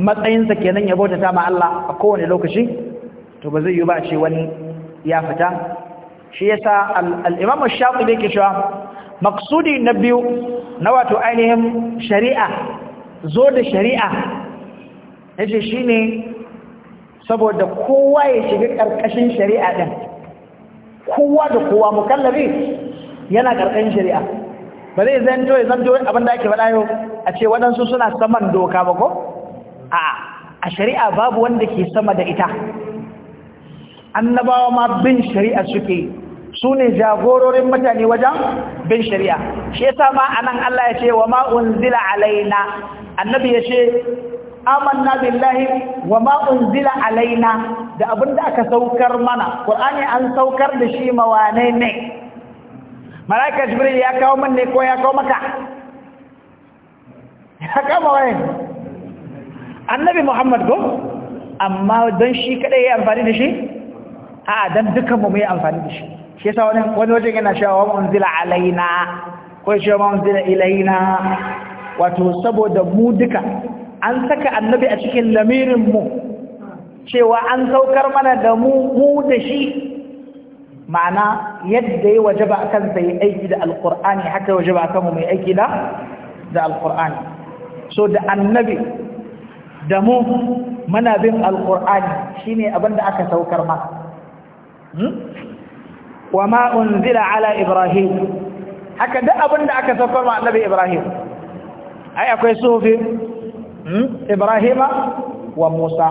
matsayinsa kenan ya bautata ma Allah a kowane lokaci to ba zai yi ba ce wani ya fita shi yasa al-Imam Shafi'i yake cewa maksudi na biyu na wato ainihin shari'a zo da shari'a yace shine saboda kowa ya shiga ƙarƙashin shari'a din, kowa da kowa mukallabi yana ƙarƙashin shari'a ba zai zanto ya zanto abin da ake faɗa yau a ce waɗansu suna saman doka ba ko a a shari'a babu wanda ke sama da ita annabawa ma bin shari'a suke su ne jagororin mutane wajen bin shari'a shi yasa ma anan Allah ya ce wa ma unzila alaina annabi ya ce amanna billahi wa ma unzila alaina da da aka saukar mana qur'ani an saukar da shi mawane ne malaika jibril ya kawo min ne ko ya kawo maka ya kawo wayan annabi muhammad go amma don shi kadai ya amfani da shi A'a dan dukkan mu mai amfani da shi shi yasa wani wani wajen yana cewa wa unzila alaina ko cewa wa unzila ilaina wato saboda mu duka an saka annabi a cikin lamirin mu cewa an saukar mana da mu mu da shi ma'ana yadda ya waje wajaba kan sai aiki da alqur'ani haka waje wajaba kan mu mai aiki da da alqur'ani so da annabi da mu muna bin alqur'ani shine abinda aka saukar mana hmm? wa ma unzila ala ibrahim haka duk abinda aka saukar ma annabi ibrahim ai akwai sufi hmm, ibrahima wa musa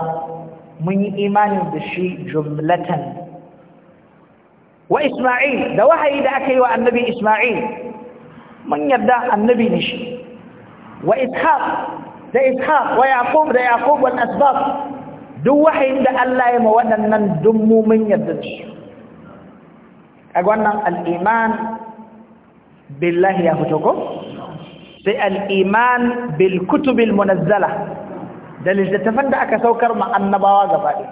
mun yi imanin da shi jumlatan wa isma'il da wahayi da aka yi wa annabi isma'il mun yarda annabi ne shi wa ishaq da ishaq wa yaqub da yaqub wal asbab duk wahayin da Allah ya ma waɗannan dummu mun yarda da shi kaga wannan al-iman billahi ya fito ko sai al-iman bil kutubil munazzala da littattafan da aka saukar ma annabawa gaba ɗaya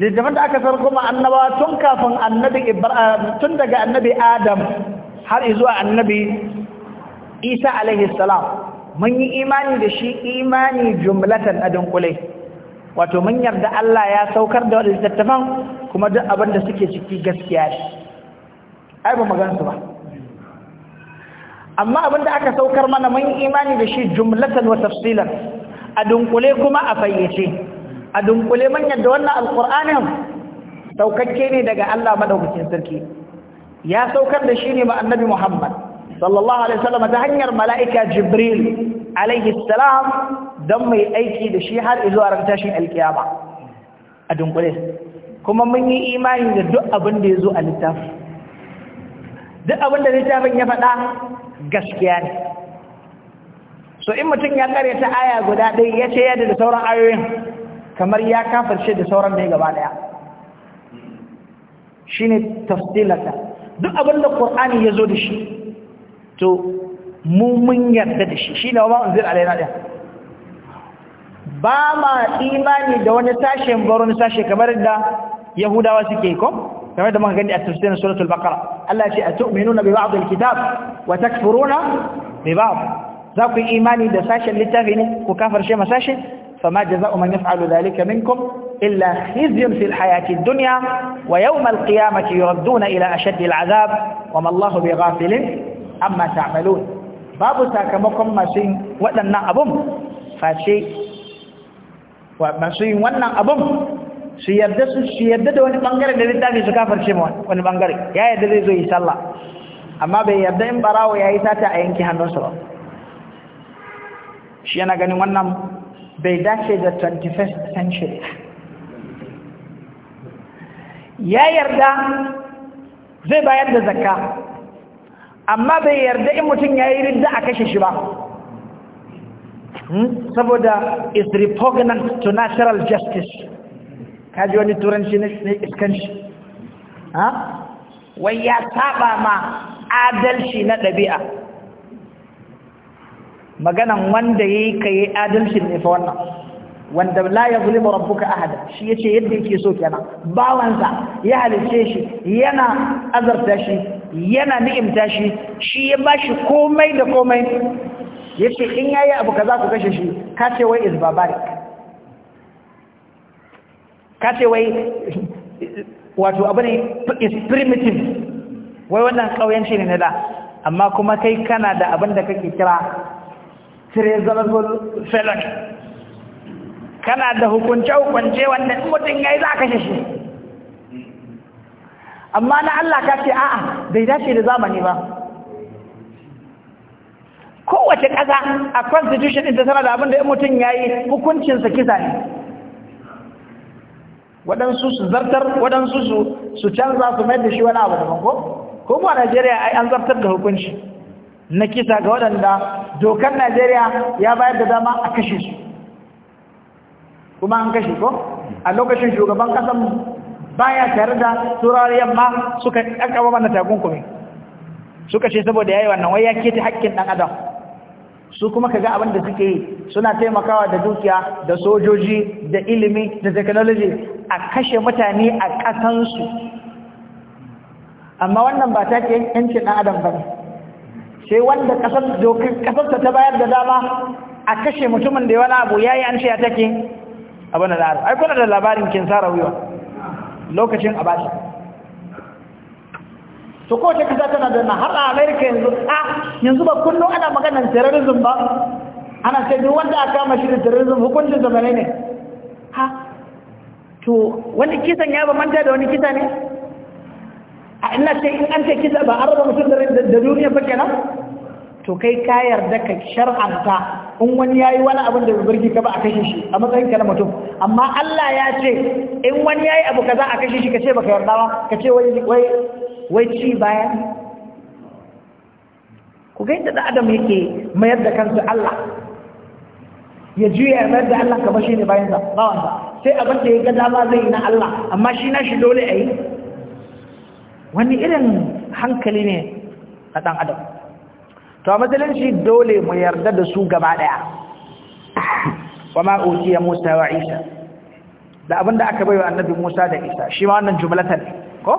littattafan da aka saukar ma annabawa tun kafin annabi ibrahim ah, tun daga annabi adam har zuwa annabi isa alaihi salam mun yi imani da shi imani jumlatan a dunkule. wato mun yarda Allah ya saukar da littattafan kuma duk abin da suke ciki gaskiya shi. ai ba magansu ba amma abinda aka saukar mana mun imani da shi jumlatan wa tafsilan a dunkule kuma a fayyace a dunkule man yadda wannan alqur'anin saukakke ne daga Allah madaukakin sarki ya saukar da shi ne ma annabi Muhammad sallallahu alaihi wasallam ta hanyar mala'ika Jibril alaihi salam dan mai aiki da shi har zuwa ran tashin alkiyama a dunkule kuma mun yi imani da duk abin da yazo a littafi duk abin da littafin ya faɗa gaskiya ne so in mutum ya ta aya guda ɗaya ya ce yadda da sauran ayoyin kamar ya kafarce da sauran da ya gaba ɗaya shi ne tafsilata duk abin da ƙur'ani ya zo da shi to mu mun yarda da shi shi ne wa ma'un zir alaina ɗaya ba ma imani da wani sashen baro wani sashe kamar da yahudawa suke ko تمام دمك عندي أستفسرنا سورة البقرة ألا شيء تؤمنون ببعض الكتاب وتكفرون ببعض ذاك إيماني دساشا للتفني وكفر شيء مساشا فما جزاء من يفعل ذلك منكم إلا خزي في الحياة الدنيا ويوم القيامة يردون إلى أشد العذاب وما الله بغافل أما تعملون باب ما شيء ولنا أبوم فشيء شيء ولنا أبوم su yarda su su yarda da wani bangare da littafi su kafar shi wani bangare ya yarda zai zo yi sallah amma bai yarda in barawo ya yi sata a yanki hannunsa ba shi yana ganin wannan bai dace da 21st century ya yarda zai bayar da zakka amma bai yarda in mutum ya yi ridda a kashe shi ba hmm? saboda is repugnant to natural justice kaji wani turanci na iskan shi ha wai ya saba ma adalci na ɗabi'a maganan wanda ya yi ka yi adalci ne fa wannan wanda la ya zulimu rabbuka ahada shi yace yadda yake so kenan bawansa ya halice shi yana azarta shi yana ni'imta shi shi ya bashi komai da komai yace in yayi abu kaza ku kashe shi kace wai is barbaric ka ce wai wato abu ne is primitive wai wannan kauyanci ne na da amma kuma kai kana da abin da kake kira treasonable felony kana da hukunce-hukunce wanda mutum ya yi za ka shi amma na Allah ka ce a'a bai dace da zamani ba kowace ƙasa a constitution ita tana da abin da mutum ya yi hukuncinsa kisa ne waɗansu su zartar waɗansu su su canza su mai da shi wani abu daban ko ko ba Najeriya ai an zartar da hukunci na kisa ga waɗanda dokar Najeriya ya bayar da dama a kashe su kuma an kashe ko a lokacin shugaban ƙasar baya tare da turawa yamma suka ɗan mana takunkumi suka ce saboda ya yi wannan wai ya keta haƙƙin ɗan adam su kuma ka ga abin da suke yi suna taimakawa da dukiya da sojoji da ilimi da technology a kashe mutane a ƙasansu amma wannan ba ta ke yanci ɗan adam ba sai wanda ƙasarsa ta bayar da dama a kashe mutumin da wani abu ya yi an ya take abin da ai da labarin kin sarawiwa lokacin abashi to ko ta kasa tana da har a america yanzu a yanzu ba kullum ana maganar terrorism ba ana ce duk wanda aka kama shi da terrorism hukuncin zamane ne ha to wani kisan ya manta da wani kisa ne a ina ce in an ce kisa ba an raba mutum da duniya ba kenan to kai ka yarda ka shar'anta in wani yayi wani abin da burgi ka ba a kashe shi a matsayin ka na mutum amma Allah ya ce in wani yayi abu kaza a kashe shi ka ce baka yarda ba ka ce wai wai wai ci baya ku ga yadda adam yake mayar da kansa Allah ya juya ya mayar da Allah kamar shi ne bayan sa sai abin da ya ga dama zai yi na Allah amma shi na shi dole a yi wani irin hankali ne a ɗan adam to a matsalin shi dole mu yarda da su gaba ɗaya wa ya musa wa isa da abin da aka baiwa annabi musa da isa shi ma wannan ne, ko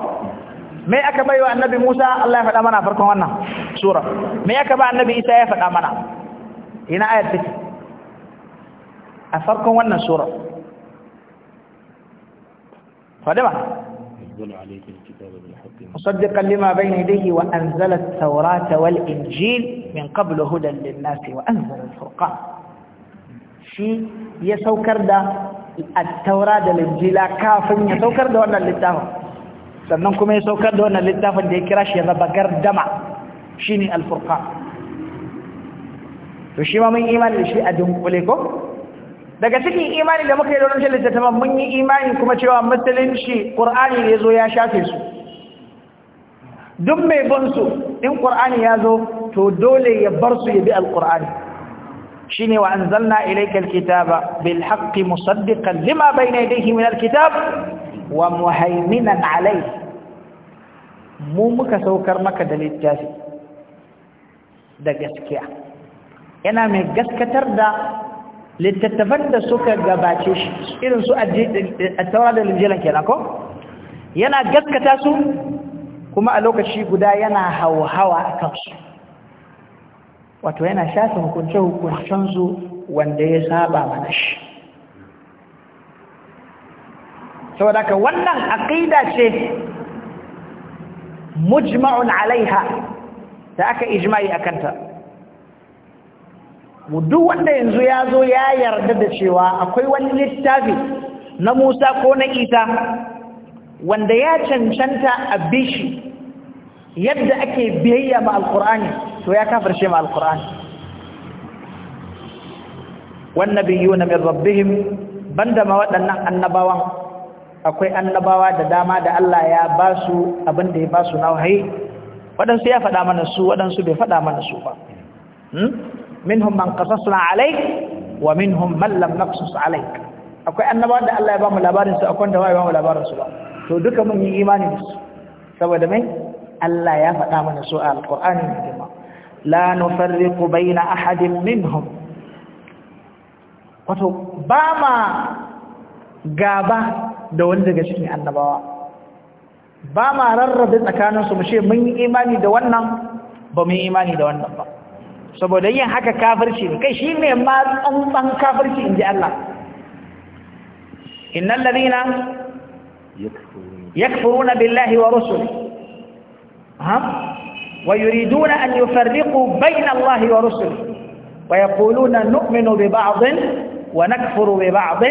mai aka baiwa annabi Musa Allah ya faɗa mana farkon wannan sura mai aka ba annabi Isa ya faɗa mana ina ayat take a farkon wannan sura ba مصدقا لما بين يديه وأنزل التوراة والإنجيل من قبل هدى للناس وأنزل الفرقان في يسوكر ده التوراة والإنجيل كافن يسوكر ده وانا اللي تاهو sannan kuma ya saukar da wannan littafin da ya kira shi ya zaba gardama shi ne alfurka to shi ma mun imani da shi a dunkule ko daga cikin imani da muka yi don shi littattafan mun yi imani kuma cewa musulunci ƙur'ani ne zo ya shafe su duk mai bin su in ƙur'ani ya zo to dole ya bar su ya bi alƙur'ani shi ne wa an zanna ilaikar kitaba bil haƙƙi musaddiƙan lima bai na yadda min kitab. wa muhaiminan alai mu muka saukar maka da littafi da gaskiya yana mai gaskatar da littattafan da suka gabace shi irin su eh, taura da linjilan kenan ko yana gaskata su kuma a lokaci guda yana hauhawa a kansu wato yana shafe hukunce-hukuncensu wanda ya saba mana shi saboda ka wannan aqida ce mujma'un alaiha da aka ijma'i akanta duk wanda yanzu ya zo ya yarda da cewa akwai wani littafi na Musa ko na Isa wanda ya cancanta a bishi yadda ake biyayya ma alkur'ani to ya kafirce ma alqur'ani wannabiyuna min rabbihim banda ma waɗannan annabawan akwai annabawa da dama da Allah ya ba su abin da ya ba su nauhayi waɗansu ya faɗa mana su waɗansu bai faɗa mana su ba hmm? minhum man qasasna alayk wa minhum man lam naqsus alayk akwai annabawa da Allah ya ba mu labarin su akwai da wai ba mu labarin su ba to duka mun yi imani da su saboda mai Allah ya faɗa mana su a alqur'ani da kuma la nufarriqu baina ahadin minhum wato ba ma gaba da wani daga cikin annabawa ba ma rarrabe tsakaninsu mu ce mun yi imani da wannan ba mun yi imani da wannan ba saboda yin haka kafirci ne kai shi ne ma tsantsan kafirci in ji Allah innal ladina yakfuruna billahi wa wa an rusulihi wa أن يفرقوا بين الله bi ويقولون wa nakfuru bi ببعض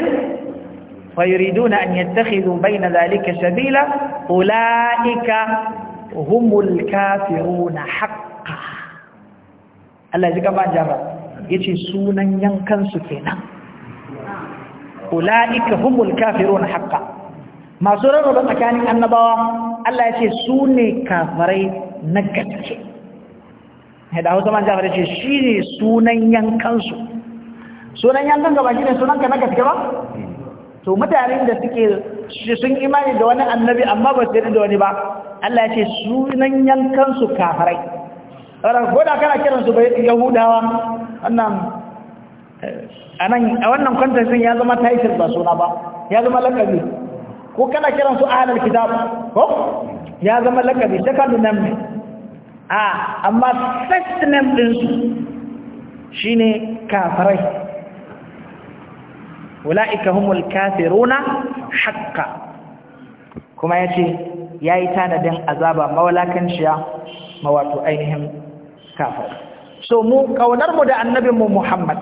فيريدون أن يتخذوا بين ذلك سبيلا أولئك هم الكافرون حقا الله يجب أن جرب يجي سونا ينكن سكينا أولئك هم الكافرون حقا ما سورة ربما كان النبوة الله يجي سوني كافرين نكتك هذا هو زمان جرب يجي سونا ينكن سكينا سونا ينكن gaba سونا ينكن sunanka to mutanen da suke sun imani da wani annabi amma ba su yi da wani ba Allah ya ce sunan yankansu kafarai da kana kiransu yahudawa wannan eh, a wannan kwantarsin ya zama taishir ba suna ba ya zama lakabi ko kana kiransu ahalar kitab ko ya zama lakabi second name ne a ah, amma first name din shi ne kafarai ula'ika humul kafiruna haqqa kuma yace yayi tanadin azaba mawalakanciya mawato ainihin kafir so mu kaunar mu da annabin mu Muhammad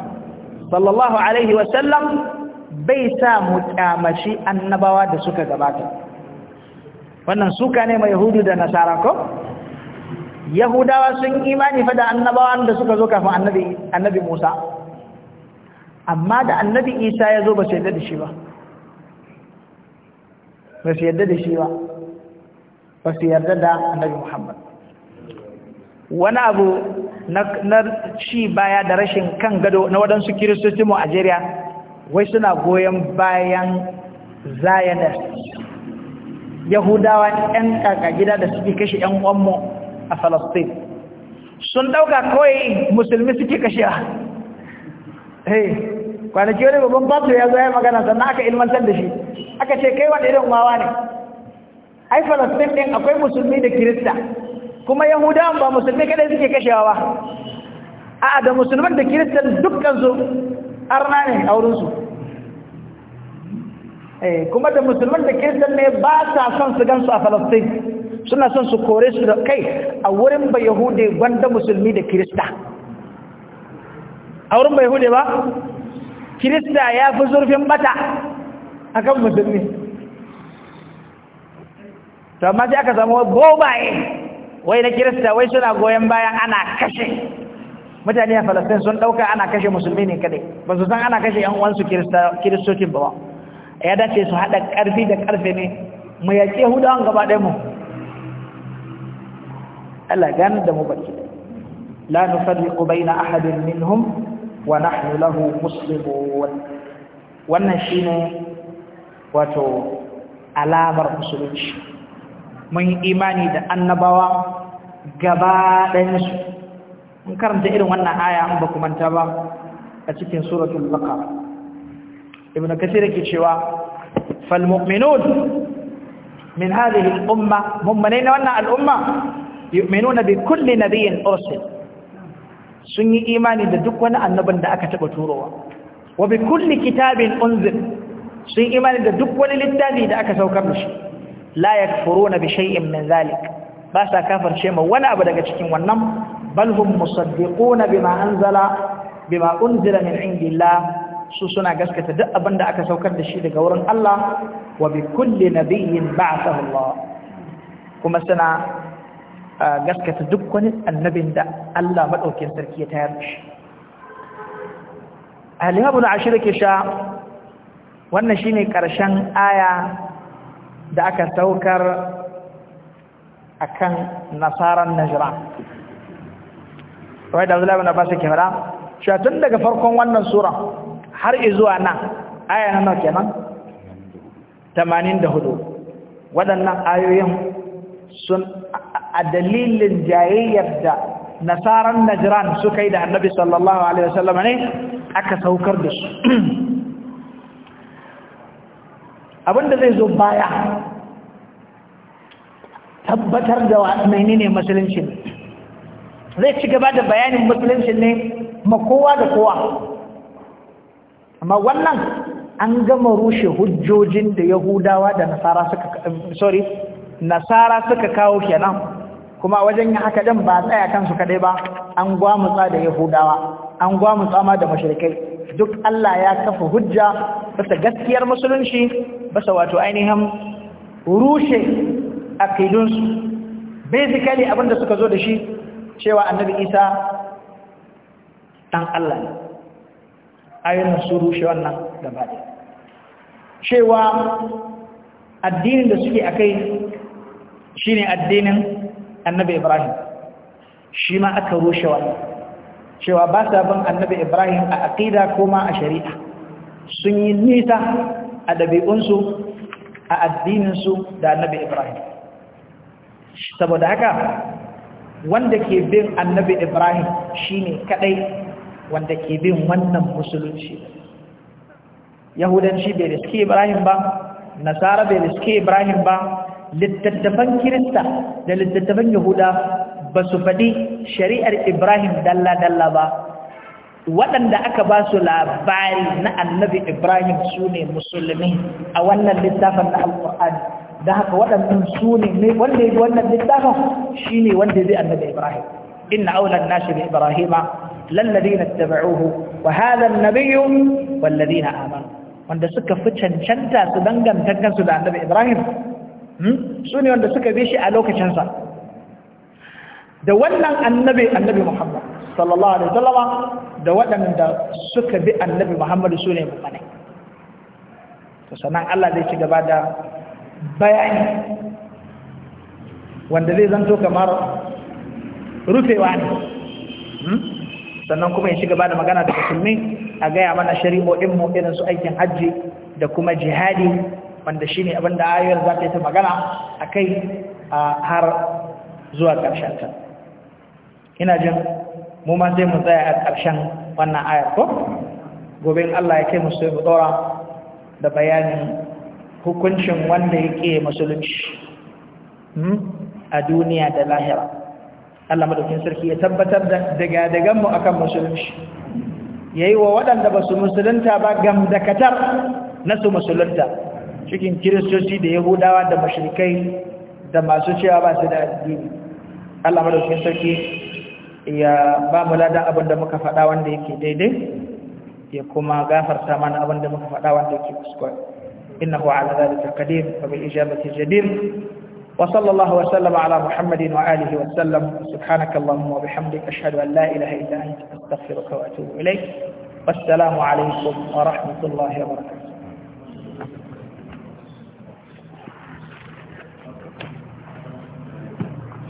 sallallahu alaihi wa sallam bai sa mu kyamashi annabawa da suka gabata wannan suka ne mai yahudu da nasara ko yahudawa sun imani fa da annabawan da suka zo kafin annabi annabi Musa amma da annabi isa ya zo ba su yadda da shi ba ba su yadda da shi ba ba su yarda da annabi muhammad wani abu na shi baya da rashin kan gado na waɗansu kiristoci mu Jeriya, wai suna goyon bayan zionist yahudawa 'yan gida da suke kashe 'yan uwanmu a falastin sun ɗauka kawai musulmi suke kashe hey kwanaki wani babban babu ya zo ya magana sannan aka ilmantar da shi aka ce kai wani irin wawa ne ai falastin din akwai musulmi da kirista kuma yahudawan ba musulmi kadai suke kashewa ba a'a da musulman da kiristan dukkan su arna ne a wurin su eh kuma da musulman da kiristan ne ba sa son su gansu a falastin suna son su kore su da kai a wurin ba yahude gwanda musulmi da kirista a wurin ba yahude ba kirista ya fi zurfin bata a kan musulmi to amma aka samu gobaye wai na kirista wai suna goyon bayan ana kashe mutane a falastin sun ɗauka ana kashe musulmi ne kadai ba su san ana kashe 'yan uwansu kiristocin ba ya dace su haɗa ƙarfi da ƙarfe ne mu yaƙi yahudawan gaba ɗaya mu Allah gani da mu baki la nufarriqu baina ahadin minhum wa nahnu lahu muslimun wannan shine wato alamar musulunci mun imani da annabawa gaba ɗayansu mun karanta irin wannan aya an ba manta ba a cikin suratul baqara ibnu kathir yake cewa fal mu'minun min hadhihi al umma mu'minina wannan al umma yu'minuna bi kulli nabiyyin ursil sun yi imani da duk wani annabin da aka taɓa turowa wa bi kulli kitabin unzir sun imani da duk wani littafi da aka saukar da shi la yakfuruna bi shay'in min zalik ba sa kafirce ma wani abu daga cikin wannan bal hum musaddiquna bima anzala bima unzila min indillah su suna gaskata duk abin da aka saukar da shi daga wurin Allah wa bi kulli nabiyyin ba'athahu Allah kuma suna gaskata duk wani annabin da Allah maɗaukin sarki ya tayar da shi alihabu na ashirin ke sha wannan shi ne ƙarshen aya da aka saukar a kan nasarar najira wadda abdullahi na basu kemara shi tun daga farkon wannan sura har izuwa nan aya na nauke nan 84 waɗannan ayoyin sun a dalilin jayayyar da nasaran najiran suka yi da annabi sallallahu alaihi wasallama ne aka saukar da su abinda zai zo baya tabbatar da ne musulunci zai ci gaba da bayanin musulunci ne ma kowa da kowa amma wannan an gama rushe hujjojin da yahudawa da nasara suka sorry nasara suka kawo kenan kuma wajen yin haka dan ba tsaya kansu kadai ba an gwamutsa da yahudawa an gwamutsa ma da mashirikai duk Allah ya kafa hujja bisa gaskiyar musulunci bisa wato ainihin rushe akidunsu basically abinda suka zo da shi cewa annabi isa dan Allah ne su rushe wannan gaba cewa addinin da suke akai shine addinin annabi ibrahim shi ma aka rushe cewa ba sa bin annabi ibrahim a aqida ko ma a shari'a sun yi nisa a ɗabi'unsu a addininsu da annabi ibrahim saboda haka wanda ke bin annabi ibrahim shine kadai wanda ke bin wannan musulunci yahudanci bai riske ibrahim ba nasara bai riske ibrahim ba littattafan kirista da littattafan yahuda ba su faɗi shari'ar ibrahim dalla-dalla ba waɗanda aka ba su labari na annabi ibrahim su ne musulmi a wannan littafin na alƙur'ani da haka waɗannan su ne wanda ya wannan littafin shi ne wanda zai annabi ibrahim inna aulan nashi da ibrahima lallazina tabauhu wa hadha an-nabiyyu wallazina amanu wanda suka fi cancanta su danganta kansu da annabi ibrahim Hmm? su ne wanda suka bi shi a lokacinsa da wannan annabi annabi muhammad sallallahu alaihi wasallama da waɗanda suka bi annabi muhammad su ne mummanai to sannan allah zai ci gaba da bayani wanda zai zanto kamar rufewa ne hmm? sannan kuma ya ci gaba da magana da musulmi a gaya mana shari'o'inmu irin su aikin hajji da kuma jihadi wanda shine abin da ayyar za ta yi ta magana a kai har zuwa ƙarshen ta ina jin mu ma zai mu tsaya a ƙarshen wannan ayar ko gobe Allah ya kai mu sai mu da bayanin hukuncin wanda ya yake musulunci hmm, a duniya da lahira Allah madaukin sarki ya tabbatar da daga dagan mu akan musulunci Ya yi wa waɗanda ba su musulunta ba gam katar na su musulunta cikin kiristoci da yahudawa da mashirikai da masu cewa ba su da addini Allah madaukakin sarki ya ba mu ladan abin da muka faɗa wanda yake daidai ya kuma gafarta mana abin da muka faɗa wanda yake kuskure innahu ala zalika qadir wa bil ijabati jadir wa sallallahu wa sallama ala muhammadin wa alihi wa sallam subhanaka allahumma wa bihamdika ashhadu an la ilaha illa anta astaghfiruka wa atubu ilayk wassalamu alaykum wa rahmatullahi wa barakatuh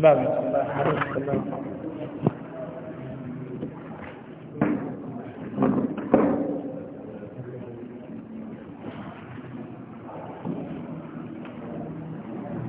Báwo.